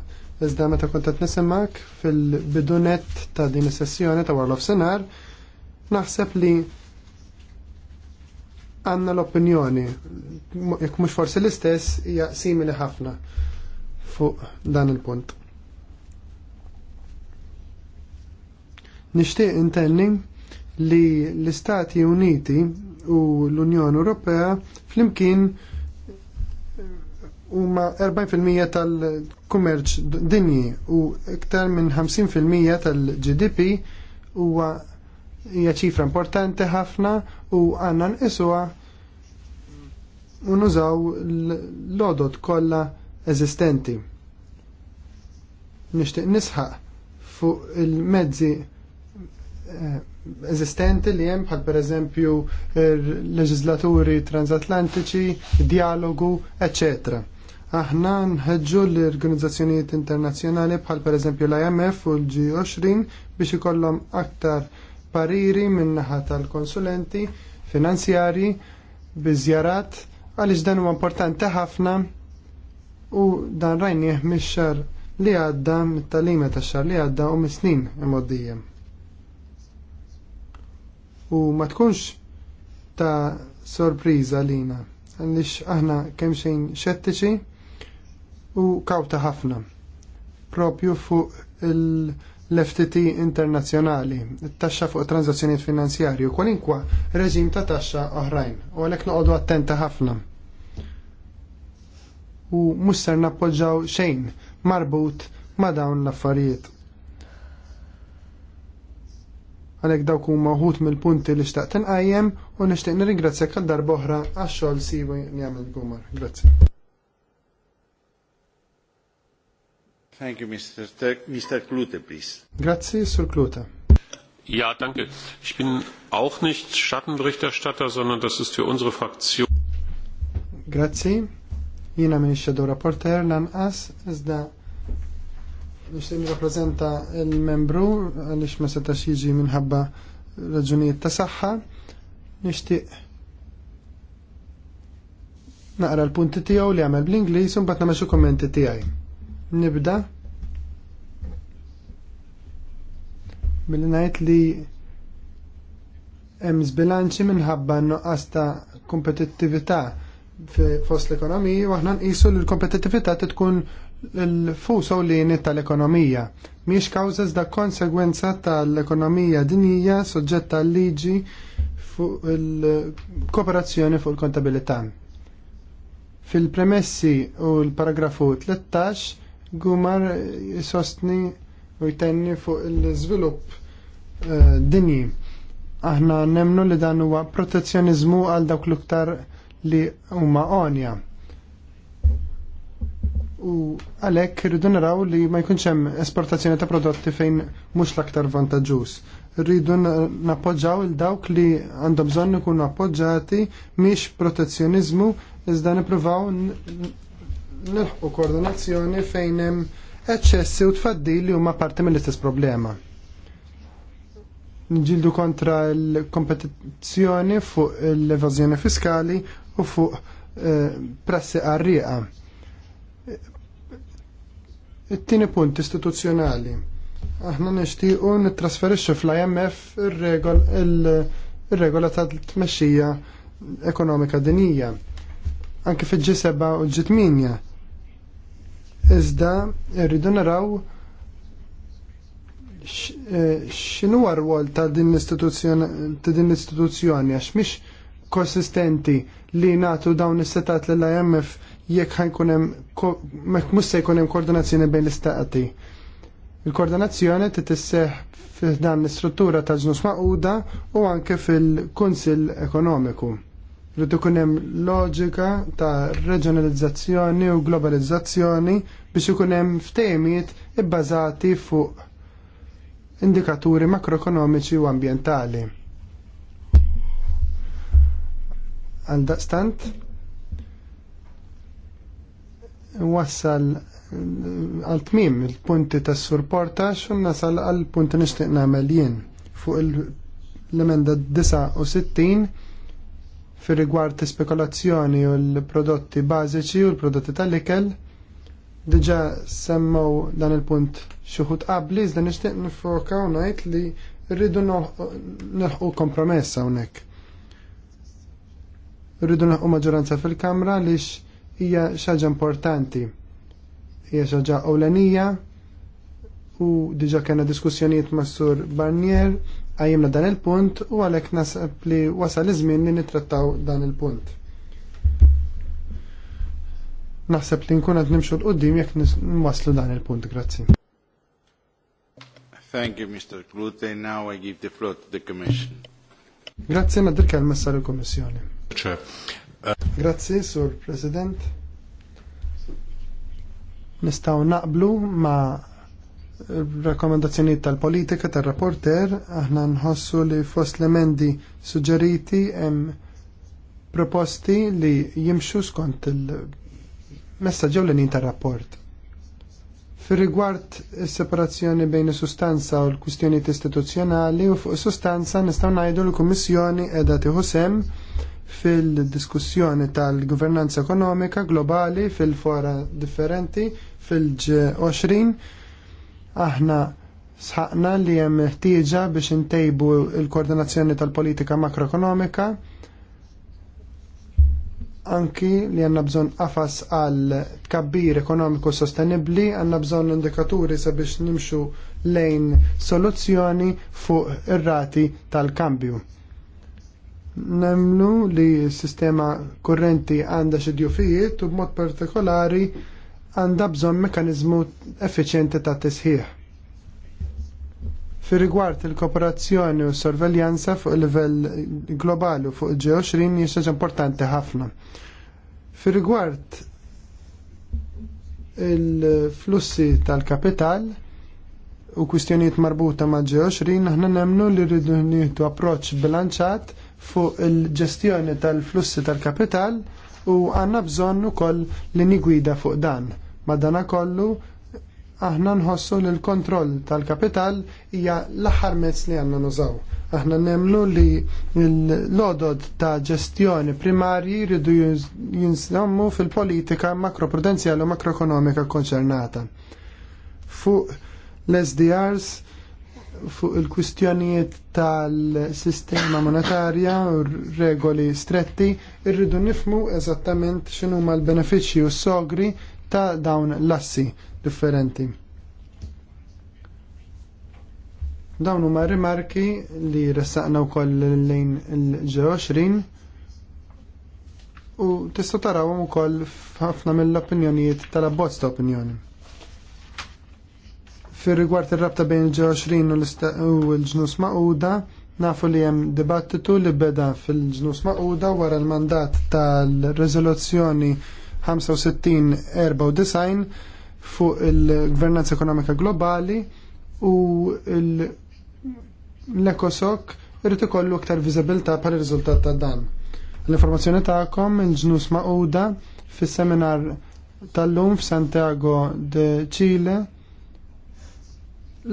Speaker 1: Iżda meta kont qed nisimgħek fil-bidunet ta' din is-sessjoni ta' World of Senar, naħseb li għanna l-opinjoni, jekk mhux forsi l-istess, hija simili ħafna fuq dan il-punt. Nixtieq intenni li l-Istati Uniti u l-Unjoni Ewropea flimkien eh, huma 40% tal-kummerċ dinji u iktar minn 50% tal-GDP huwa hija ċifra importanti ħafna u għandna nqisuha u nużaw l-lodot kollha eżistenti. Nixtieq nisħaq fuq il-mezzi Eh, eżistenti li hemm bħal pereżempju eh, leġislaturi transatlantiċi, dialogu, eccetera. Aħna nħedġu l-organizzazzjonijiet internazzjonali bħal per eżempju l-IMF u l-G20 biex ikollhom aktar pariri min-naħa tal-konsulenti finanzjari biżjarat għaliex dan huwa importanti ħafna u dan rajnieh mix-xar li għadda mit-talima tax-xar li għadda u mis-snin imgħoddijiem u ma tkunx ta' sorpriża lina għaliex aħna kemm xejn xettiċi u kawta ħafna propju fuq l-FTT internazzjonali, taxxa fuq transazzjoniet finanzjarji u kwalinkwa reġim ta' taxxa oħrajn u għalhekk noqogħdu attenta ħafna. U mhux ser nappoġġaw xejn marbut ma' dawn l-affarijiet għalek dawk huma wħud mill-punti li xtaqt inqajjem u nixtieq nirringrazzjak għal darba oħra għax-xogħol siwi li għamel Gumar. Grazzi. Thank you, Mr. Ter Mr. Klute, please. Grazie, Sir Klute.
Speaker 2: Ja, danke. Ich bin auch nicht Schattenberichterstatter, sondern das ist für unsere Fraktion.
Speaker 1: Grazie. Jina min xedu rapporter lanqas iżda nixtieq nirrappreżenta l-membru għaliex ma seta jiġi minħabba raġunijiet ta' saħħa. Nixtieq naqra l-punti tiegħu li għamel bl inglis un bat namaxu xi tijaj. tiegħi. Nibda billi ngħid li hemm żbilanċi minħabba nuqqas ta' kompetittività fost l ekonomija u aħna nqisu li l-kompetittività tkun il fusaw li tal-ekonomija. Miex kawżas da konsegwenza tal-ekonomija dinija soġġetta l-liġi fuq il-kooperazzjoni fuq il-kontabilità. Fil-premessi u l-paragrafu 13, Gumar jisostni u jtenni fuq il-żvilupp uh, eh, dinji. Aħna nemnu li dan huwa protezzjonizmu għal dawk l uktar li huma onja u għalhekk irridu naraw li ma jkunx hemm esportazzjoni ta' prodotti fejn mhux l-aktar vantaġġuż. Rridu nappoġġaw il dawk li għandhom bżonn ikunu appoġġati miex protezzjoniżmu iżda nippruvaw nilħqu koordinazzjoni fejn hemm eċċessi u tfaddi li huma parti mill-istess problema. Nġildu kontra l-kompetizzjoni fuq l-evażjoni fiskali u fuq eh, prassi qarrieqa It-tieni punt istituzzjonali. Aħna nixtiequ nittrasferixxu fl-IMF ir-regola ta' tmexxija ekonomika dinija. Anke fil-G7 u l-G8. Iżda rridu naraw e, x'inhu rwol ta' din l-istituzzjoni għax mhix konsistenti li natu dawn is-setat lill imf jekk ħajkun hemm mhux se jkun hemm koordinazzjoni bejn l-istaqati. Il-koordinazzjoni titisseħ f'dan l-istruttura ta' ġnus maquda u anke fil-Kunsill Ekonomiku. Rrid ikun hemm loġika ta' reġjonalizzazzjoni u globalizzazzjoni biex ikun hemm ftehimiet ibbażati fuq indikaturi makroekonomiċi u ambjentali. Għandaqstant, wassal għal tmim il-punti tas surportax xun nasal għal punti nishtiq namel jien fuq l-emenda 69 fir rigward spekulazzjoni u l-prodotti bażiċi u l-prodotti tal-ikel diġa semmaw dan il-punt xuħut qabli, iżda nixtieq u ngħid li rridu nilħqu kompromessa hawnhekk. Rridu nilħqu maġġoranza fil-Kamra lix hija xaġa importanti. Hija xaġa ewlenija u diġa kena diskussjonijiet ma' sur Barnier għajimna dan il-punt u għalek nasab li wasal iż-żmien li nitrattaw dan il-punt. Naħseb li nkun qed nimxu l-qoddim jekk nwaslu dan il-punt, grazzi. Thank you, Mr. Klute. Now I give the
Speaker 2: floor to the Commission.
Speaker 1: Grazie, ma dirka l-messa l-Kommissjoni. Grazzi, Sur President. Nistaw naqblu ma' rakomendazzjoni tal-politika tal-rapporter, aħna nħossu li fost l-emendi suġġeriti hemm proposti li jimxu skont il messagġu l tal-rapport. Fir-rigward is-separazzjoni bejn is-sustanza u l-kwistjonijiet istituzzjonali u fuq is-sustanza nistgħu ngħidu l-Kummissjoni qiegħda tieħu sem fil-diskussjoni tal-governanza ekonomika globali fil-fora differenti fil-G20. Aħna sħaqna li hemm ħtieġa biex intejbu l-koordinazzjoni tal-politika makroekonomika anki li għanna bżon qafas għal tkabbir ekonomiku sostenibli, għanna bżon indikaturi sabiex nimxu lejn soluzzjoni fuq ir-rati tal-kambju nemlu li s-sistema kurrenti għandha xi djufijiet u b'mod partikolari għandha bżonn mekkaniżmu effiċjenti ta' tisħiħ. Fi rigward il-kooperazzjoni u s sorveljanza fuq il livell globali u fuq il-G20 jistaġ importanti ħafna. Fi rigward il-flussi tal-kapital u kwistjonijiet marbuta ma' G20 aħna nemnu li rridu nieħdu approċċ bilanċat fuq il-ġestjoni tal-flussi tal-kapital u għanna bżonn ukoll li nigwida fuq dan. Madana kollu aħna nħossu li l-kontroll tal-kapital hija l-aħħar mezz li għanna nużaw. Aħna nemlu li l-lodod ta' ġestjoni primarji jridu jinsammu fil-politika makroprudenzjali u makroekonomika konċernata. Fuq l-SDRs fuq il-kwistjonijiet tal-sistema monetarja u regoli stretti, irridu nifmu eżattament x'inhu l benefiċċji u s-sogri ta' dawn l-assi differenti. Dawn huma rimarki li ressaqna wkoll lejn il-20 u tista' tarawhom ukoll f'ħafna mill-opinjonijiet tal-abbozz ta' opinjoni. Fir rigward ir-rabta bejn il-20 u l-ġnus maquda, nafu li hemm dibattitu li beda fil-ġnus maquda wara l-mandat tal riżoluzzjoni 65-94 fuq il-Gvernanza Ekonomika Globali u l-Ekosok irrid ikollu aktar viżibilità bħal riżultat ta' dan. L-informazzjoni tagħkom il-ġnus maquda fis-seminar tal-lum f'Santiago de Chile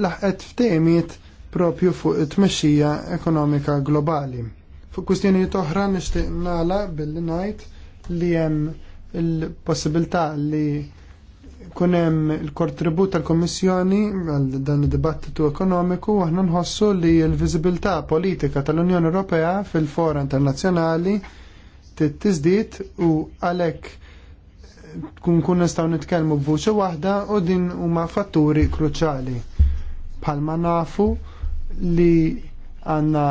Speaker 1: laħqet ftejmiet propju fuq it-tmexxija ekonomika globali. Fuq kwistjonijiet oħra nixtieq nagħlaq billi ngħid li hemm il-possibilità li kun hemm il-kontribut tal kummissjoni għal dan id-dibattitu ekonomiku aħna nħossu li l-viżibilità politika tal-Unjoni Ewropea fil-fora internazzjonali tiżdied u għalhekk kun kun nistgħu nitkellmu b'vuċi waħda u din huma fatturi kruċali palma nafu li għanna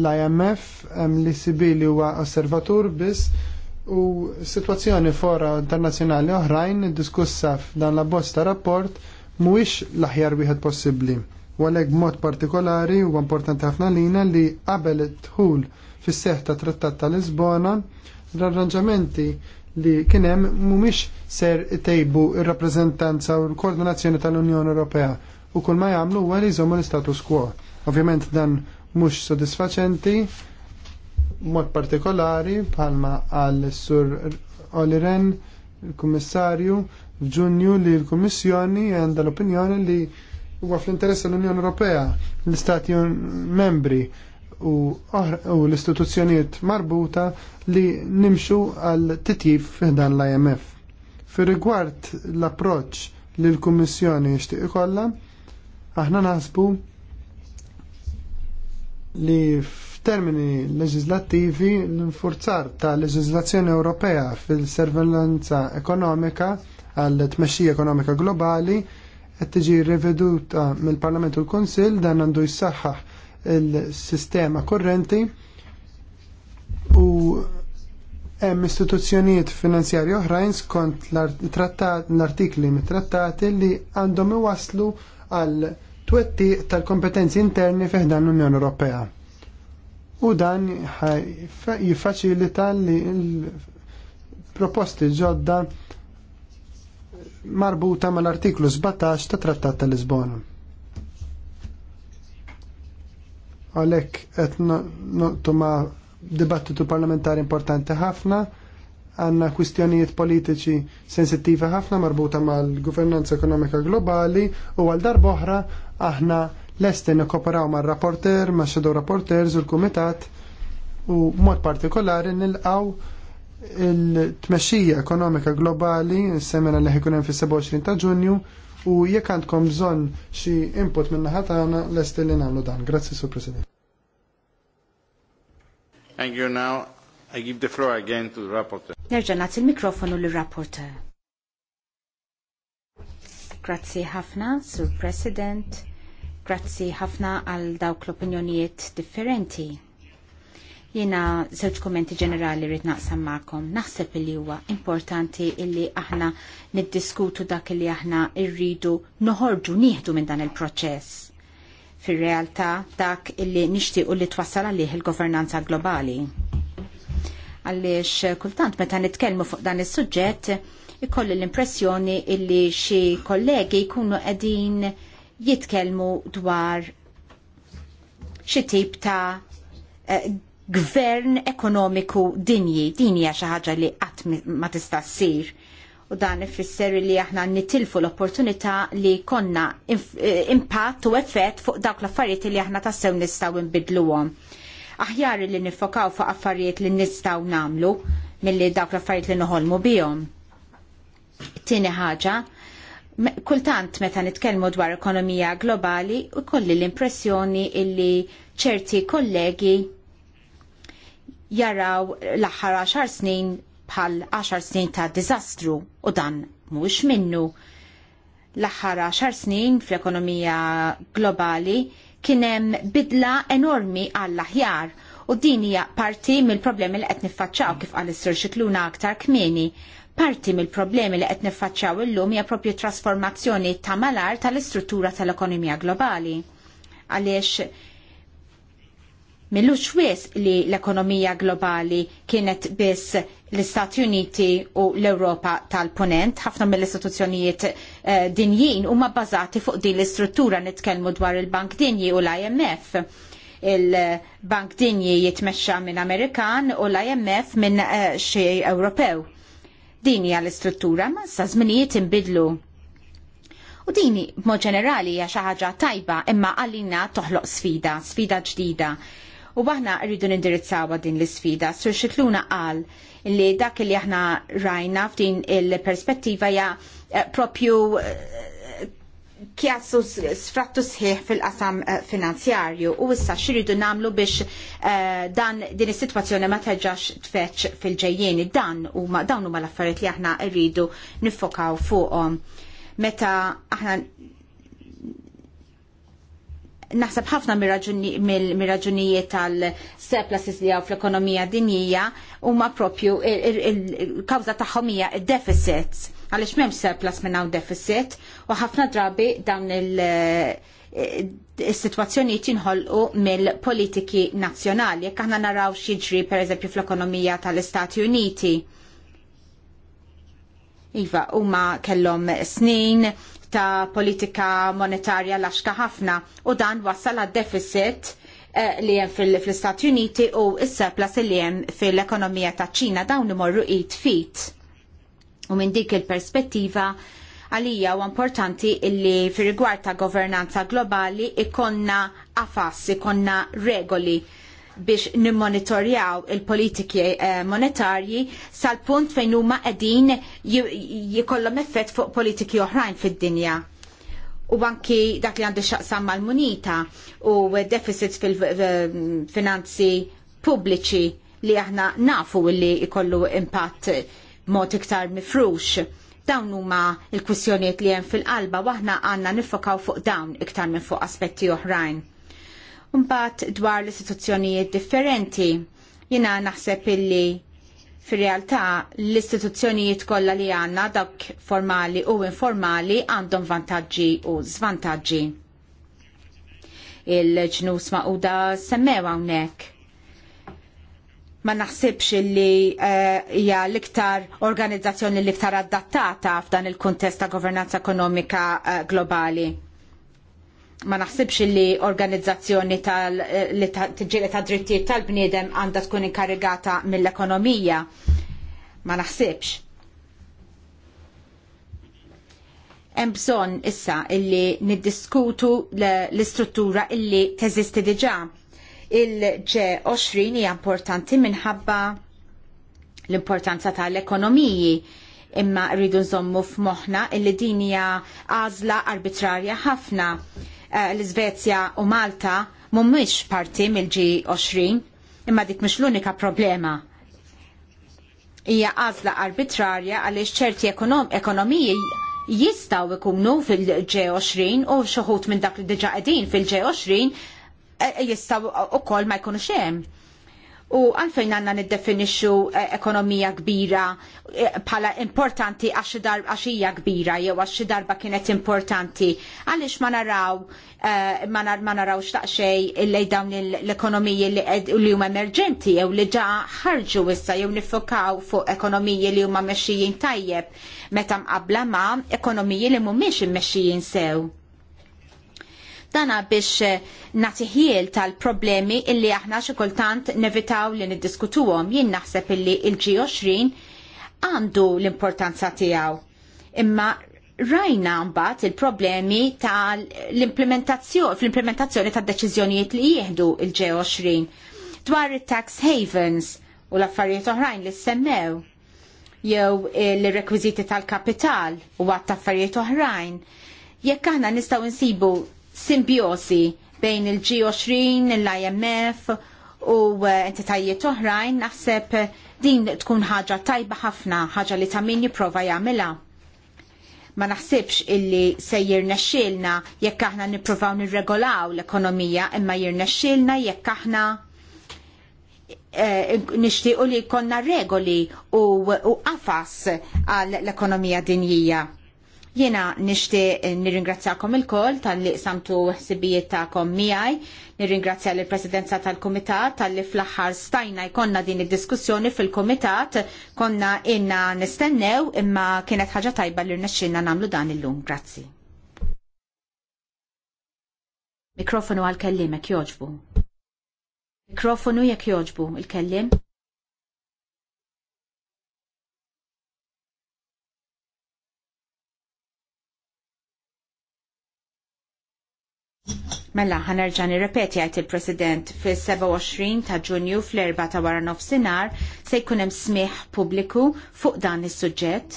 Speaker 1: l-IMF hemm li sibili huwa osservatur biss u situazzjoni fora internazzjonali oħrajn diskussa f'dan la bosta rapport mhuwiex l-aħjar wieħed possibbli. U għalhekk b'mod partikolari huwa importanti ħafna lina li qabel it-tħul fis-seħħ ta' Trattat ta' Lisbona l-arranġamenti li kien hemm mhumiex ser tejbu ir-rappreżentanza u l-koordinazzjoni tal-Unjoni Ewropea u kull ma jagħmlu huwa li jżommu l-status quo. Ovvjament dan mhux sodisfaċenti mod partikolari bħalma għal sur Oliren il-Kummissarju f'Ġunju li l-Kummissjoni għandha l-opinjoni li huwa fl-interess tal-Unjoni Ewropea l-Istati membri u, l-istituzzjonijiet marbuta li nimxu għal titjib f'dan l-IMF. Fir rigward l approċċ li l-Kummissjoni xtieq ikollha, Aħna nasbu li f'termini leġislattivi l-infurzar ta' leġislazzjoni Ewropea fil-servellanza ekonomika għal tmexxija ekonomika globali qed tiġi riveduta mill-Parlament u l-Kunsill dan għandu jsaħħaħ il-sistema korrenti u hemm istituzzjonijiet finanzjarji oħrajn skont l-artikli mit-trattati li għandhom iwaslu għal twetti tal-kompetenzi interni fiħdan l-Unjoni Ewropea. U dan jiffaċilita li l-proposti ġodda marbuta mal-artiklu 17 ta' Trattat tal-Lisbona. Għalek, etnoqtu ma' dibattitu parlamentari importanti ħafna, għanna kwistjonijiet politiċi sensittivi ħafna marbuta mal-governanza ekonomika globali u għal darboħra aħna l-esten nikoperaw ma' rapporter, ma' shadow rapporters u l-kumitat u mod partikolari nilqaw il-tmexxija ekonomika globali, s-semena li ħikunem fis-27 ta' Ġunju u jekk għandkom bżonn xi input minn naħa tagħna lest li nagħmlu dan. Grazzi, Sur President. Thank you now. I give the floor again to the rapporteur.
Speaker 3: Nerġa' nagħti il-mikrofonu lir-rapporteur. Grazzi ħafna, Sur President. Grazzi ħafna għal dawk l-opinjonijiet differenti. Jiena żewġ kummenti ġenerali rrid naqsam magħkom. Naħseb li huwa importanti illi aħna niddiskutu dak li aħna rridu noħorġu nieħdu minn dan il-proċess. Fir-realtà dak illi nixtiequ li twassal għalih il-governanza globali għaliex kultant meta nitkellmu fuq dan is-suġġett ikolli l-impressjoni illi xi kollegi jkunu qegħdin jitkellmu dwar xi tip ta' eh, gvern ekonomiku dinji, din hija xi ħaġa li qatt ma tista' ssir u dan ifisser li aħna nitilfu l-opportunità li konna eh, impatt u effett fuq dawk l-affarijiet li aħna tassew nistgħu nbidluhom aħjar li nifokaw fuq affarijiet li nistgħu nagħmlu milli dawk l-affarijiet li noħolmu bihom. Tieni ħaġa, kultant meta nitkellmu dwar ekonomija globali, kolli l-impressjoni illi ċerti kollegi jaraw l-aħħar 10 snin bħal 10 snin ta' diżastru u dan mhux minnu. L-aħħar 10 snin fl-ekonomija globali kienem bidla enormi għall-aħjar u din hija parti mill-problemi li qed niffaċċaw kif qal is-sur aktar kmieni. Parti mill-problemi li qed niffaċċaw illum hija propju trasformazzjoni ta' malar tal-istruttura tal-ekonomija globali. Għaliex Millux wis li l-ekonomija globali kienet biss l-Istati Uniti u l-Europa tal-Ponent, ħafna mill-istituzzjonijiet eh, dinjin huma bbażati fuq din l-istruttura nitkellmu dwar il-Bank Dinji u l-IMF il-Bank Dinji jitmexxa minn Amerikan u l-IMF minn eh, xi Ewropew. Din hija l-istruttura ma sa żminijiet inbidlu. U dini b'mod ġenerali hija xi ħaġa tajba imma għalina toħloq sfida, sfida ġdida U baħna rridu nindirizzawa din l-sfida. Sur xitluna qal li dak li aħna rajna f'din il-perspettiva ja eh, propju eh, kjassu sfrattu sħiħ fil-qasam eh, finanzjarju u issa xiridu namlu biex dan din is-sitwazzjoni ma terġax tfeċ fil-ġejjeni dan u ma dawnu huma l-affarijiet li aħna rridu nifokaw fuqhom. Meta aħna naħseb ħafna mir-raġunijiet tal-surpluses li għaw fl-ekonomija dinjija huma propju il-kawza tagħhom hija d-deficits għaliex m'hemmx surplus minn hawn deficit u ħafna drabi dawn il-situazzjoni eh, jinħolqu mill-politiki nazzjonali jekk aħna naraw per pereżempju fl-ekonomija tal-Istati Uniti. Iva, huma kellhom snin ta' politika monetarja laxka ħafna u dan wassal għad deficit eh, li jem fil-Stati Uniti u s-surplus li jem fil-ekonomija ta' ċina dawn imorru it fit. U minn dik il-perspettiva għalija u importanti illi fil rigward ta' governanza globali ikonna afas, ikonna regoli biex nimmonitorjaw il-politiki eh, monetarji sal-punt fejn huma qegħdin jikollhom effett fuq politiki oħrajn fid-dinja. U anki dak li għandu xaqsam mal-munita u deficits fil-finanzi eh, pubbliċi li aħna nafu li jkollu impatt mod iktar mifrux. Dawn huma l kwistjonijiet li hemm fil-qalba u aħna għandna nifokaw fuq dawn iktar minn fuq aspetti oħrajn mbagħad dwar l-istituzzjonijiet differenti. Jiena naħseb illi fir-realtà l-istituzzjonijiet kollha li għandna dak formali u informali għandhom vantaġġi u żvantaġġi. Il-ġnus maquda semmew hawnhekk. Ma naħsibx li eh, hija uh, l-iktar organizzazzjoni l-iktar adattata f'dan il-kuntest ta' governanza ekonomika uh, globali ma naħsibx li organizzazzjoni tal-ġieli ta' drittijiet tal-bniedem għandha tkun inkarigata mill-ekonomija. Ma naħsibx. Hemm bżonn issa illi niddiskutu l-istruttura illi teżisti diġà. Il-ġe 20 hija importanti minħabba l-importanza tal-ekonomiji imma rridu nżommu f'moħħna illi din hija għażla arbitrarja ħafna Eh, l-Iżvezja u Malta mhumiex parti mill-G20 imma dik mhux l-unika problema hija għażla arbitrarja għaliex ċerti ekonomiji jistaw ikunu fil-G20 u xoħut minn dak li diġa qegħdin fil-G20 eh, jistaw ukoll ma jkunux hemm. U għalfejn għanna niddefinixxu eh, ekonomija kbira bħala eh, importanti għax hija kbira jew għax xi darba kienet importanti. Għaliex ma naraw eh, ma naraw xtaqxej illej dawn l-ekonomiji li huma emerġenti jew li ġa ħarġu issa jew nifokaw fuq ekonomiji li huma mexxijin tajjeb meta mqabbla ma ekonomiji li mhumiex immexxijin sew dana biex eh, natiħiel tal-problemi illi aħna xi kultant nevitaw li niddiskutuhom jien naħseb illi il-G20 għandu l-importanza tiegħu. Imma rajna mbagħad il-problemi tal-implementazzjoni fl-implementazzjoni tad-deċiżjonijiet li jieħdu il-G20 dwar it-tax havens u l-affarijiet oħrajn li semmew jew eh, l-rekwiżiti tal-kapital u għat affarijiet oħrajn jekk aħna nistgħu nsibu simbiosi bejn il-G20, l-IMF u eh, entitajiet oħrajn naħseb din tkun ħaġa tajba ħafna, ħaġa li ta' min jipprova jagħmilha. Ma naħsibx illi se jirnexxilna jekk aħna nippruvaw nirregolaw l-ekonomija imma jirnexxilna jekk aħna eh, nixtiequ li konna regoli u qafas għall ekonomija dinjija. Jena nishti nirringrazzjakom il-koll tal-li samtu ħsibijiet ta'kom miħaj, nirringrazzja l-presidenza tal-komitat tal-li fl ħar stajna jkonna din id-diskussjoni fil-komitat, konna inna nistennew imma kienet ħaġa tajba li rnexxinna namlu dan il-lum. Grazzi. Mikrofonu għal-kellimek joġbu. Mikrofonu jekk joġbu il-kellim. Mela, ħanerġa nirrepeti għajt il-President fil-27 ta' ġunju fl-4 ta' wara nofsinar se jkun hemm publiku pubbliku fuq dan is-suġġett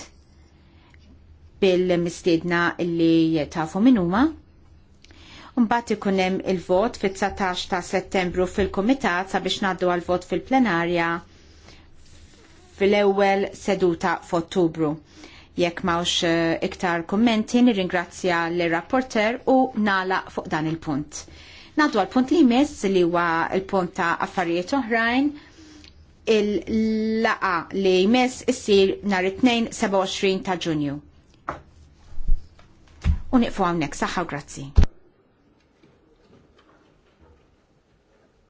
Speaker 3: bil-mistiedna li tafu min huma. Mbagħad ikun hemm il-vot fit-19 ta' Settembru fil-Kumitat sabiex naddu għal vot fil-plenarja fil-ewwel seduta f'Ottubru. Jekk mawx eh, iktar kommenti, nirringrazzja l-rapporter u nala fuq dan il-punt. Nadu għal-punt li mess li huwa il-punt ta' affarijiet oħrajn il-laqa li jmess issir nar 2-27 ta' ġunju. Uniqfu għawnek, saħħa u grazzi.